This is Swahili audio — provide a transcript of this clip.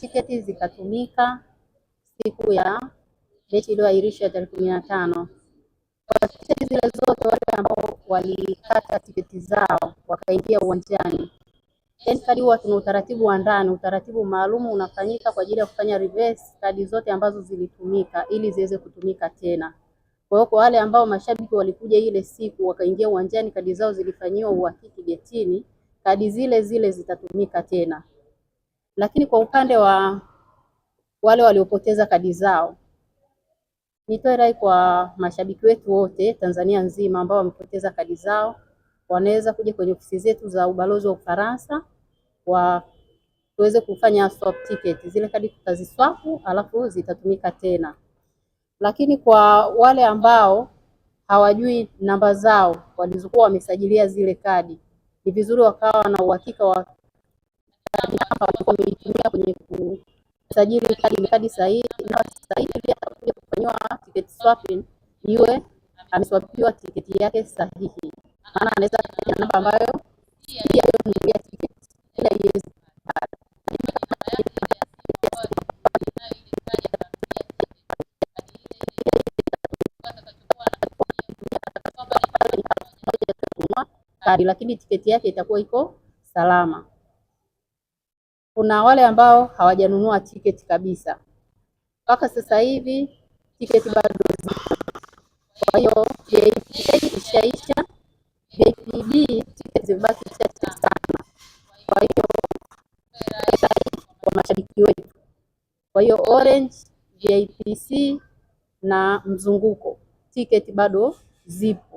tiketi zikatumika siku ya mechi iliyoahirishwa tarehe kumi na tano. Kwa tiketi zile zote, wale ambao walikata tiketi zao wakaingia uwanjani kadi huwa tuna utaratibu wa ndani, utaratibu maalum unafanyika kwa ajili ya kufanya reverse kadi zote ambazo zilitumika ili ziweze kutumika tena. Kwa hiyo kwa wale ambao mashabiki walikuja ile siku wakaingia uwanjani, kadi zao zilifanyiwa uhakiki getini, kadi zile zile zitatumika tena. Lakini kwa upande wa wale waliopoteza kadi zao, nitoe rai kwa mashabiki wetu wote Tanzania nzima ambao wamepoteza kadi zao, wanaweza kuja kwenye ofisi zetu za ubalozi wa Ufaransa wa tuweze kufanya swap ticket. Zile kadi tutaziswapu, alafu zitatumika tena. Lakini kwa wale ambao hawajui namba zao walizokuwa wamesajilia zile kadi, ni vizuri wakawa na uhakika wa kutumia kwenye kusajili kadi ni kadi sahihi na sahihi, pia atakuja kufanywa ticket swapping iwe ameswapiwa tiketi yake sahihi, maana anaweza kufanya namba ambayo pia yeye tiketi ila iwezi kadi lakini tiketi yake itakuwa iko salama. Kuna wale ambao hawajanunua tiketi kabisa mpaka sasa hivi, tiketi bado zipo. Kwa hiyo ishaisha, tiketi zimebaki chache sana. Kwa hiyo kwa mashabiki wetu, kwa hiyo Orange VIPC na mzunguko tiketi bado zipo.